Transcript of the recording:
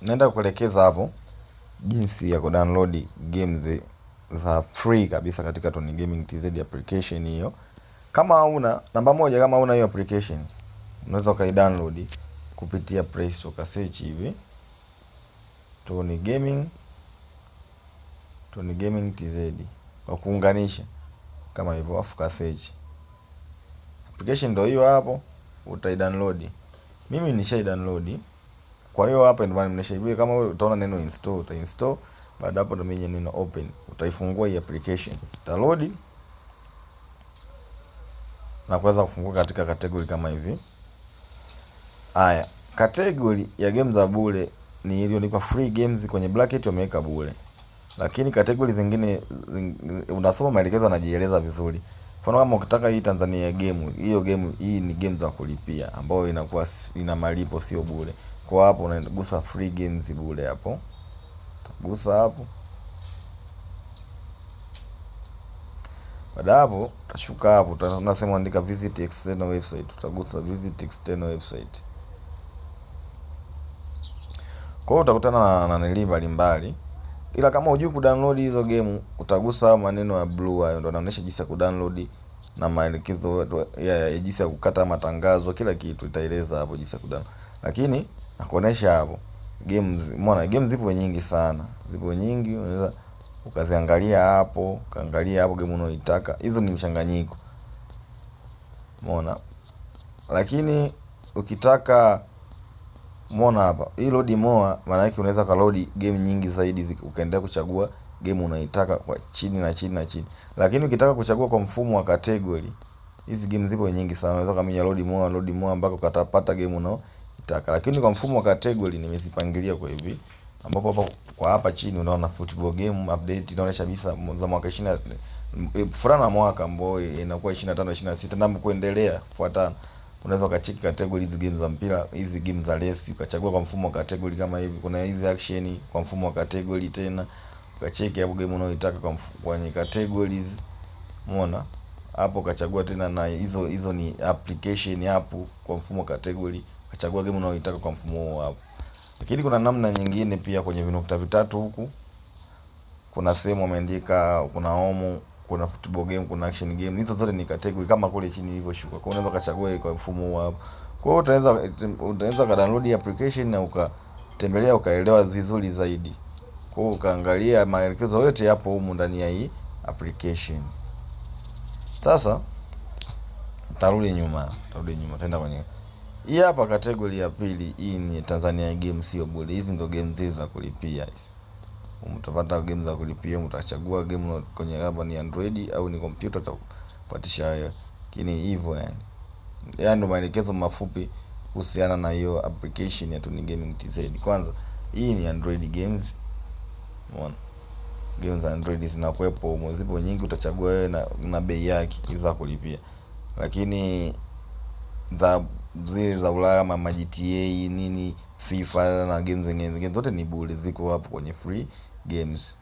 Naenda kuelekeza hapo jinsi ya kudownload games za free kabisa katika Tony Gaming TZ application hiyo. Kama hauna namba moja, kama hauna hiyo application unaweza ukaidownload kupitia Play Store, ka search hivi Tony Gaming, Tony Gaming TZ kwa kuunganisha kama hivyo, afu ka search application, ndio hiyo hapo utaidownload. Mimi nishai download. Kwa hiyo hapa ndio maana nimesha hivi, kama utaona neno install uta install, baada hapo ndio neno open, utaifungua hii application, load na kuweza kufungua katika category kama hivi. Haya, category ya games za bure ni iliyoandikwa free games kwenye bracket wameweka bure, lakini category zingine zing, unasoma maelekezo yanajieleza vizuri. Mfano kama ukitaka hii Tanzania game, hiyo game hii ni game za kulipia ambayo inakuwa ina malipo, sio bure kwa hapo unagusa free games bure hapo, utagusa hapo. Baada hapo utashuka hapo, utaona sehemu andika visit external website, utagusa visit external website. Kwa hiyo utakutana na nanili mbalimbali, ila kama hujui ku download hizo game utagusa maneno ya blue, hayo ndio anaonyesha jinsi ya ku download na maelekezo ya jinsi ya kukata matangazo, kila kitu itaeleza hapo jinsi ya ku download lakini nakuonesha hapo games. Umeona games zipo nyingi sana, zipo nyingi, unaweza ukaziangalia hapo, kaangalia hapo game unaoitaka. Hizo ni mchanganyiko, umeona. Lakini ukitaka umeona hapa hii load more, maana yake unaweza ka load game nyingi zaidi, ukaendelea kuchagua game unaitaka kwa chini na chini na chini. Lakini ukitaka kuchagua kwa mfumo wa category, hizi game zipo nyingi sana, unaweza kama load more, load more mpaka ukatapata game unao taka, lakini kwa mfumo wa category nimezipangilia kwa hivi, ambapo hapa kwa hapa chini unaona football game update inaonyesha bisa za mwaka 20 eh, fulana ya mwaka ambao inakuwa 25 26 na kuendelea fuatana Unaweza ukacheki category hizi game za mpira, hizi game za resi, ukachagua kwa mfumo wa category kama hivi. Kuna hizi action kwa mfumo wa category tena, ukacheki hapo game unayoitaka kwa mfumo kwenye categories, umeona hapo, ukachagua tena na hizo hizo ni application hapo kwa mfumo wa category ukachagua game unayoitaka kwa mfumo huo hapo. Lakini kuna namna nyingine pia kwenye vinukta vitatu huku kuna sehemu ameandika kuna homo, kuna football game, kuna action game. Hizo zote ni category kama kule chini ilivyoshuka. Kwa hiyo unaweza kachagua kwa mfumo huo hapo. Kwa hiyo utaweza utaweza ka download application na ukatembelea ukaelewa vizuri zaidi. Kwa hiyo ukaangalia maelekezo yote yapo humu ndani ya hii application. Sasa tarudi nyuma, tarudi nyuma, tenda kwenye hii hapa kategori ya pili, hii ni Tanzania game sio bure. Hizi ndo game zile za kulipia hizi. Mtapata game za kulipia, mtachagua game kwenye hapa ni Android au ni computer utafuatisha hayo. Lakini hivyo yani. Yaani ndo maelekezo mafupi kuhusiana na hiyo application ya Tony Gaming TZ. Kwanza, hii ni Android games. Umeona? Games za Android zinakuwepo humo, zipo nyingi, utachagua na, na bei yake za kulipia. Lakini za zile za Ulaya ma GTA nini FIFA na games zingine zingine zote ni bure, ziko hapo kwenye free games.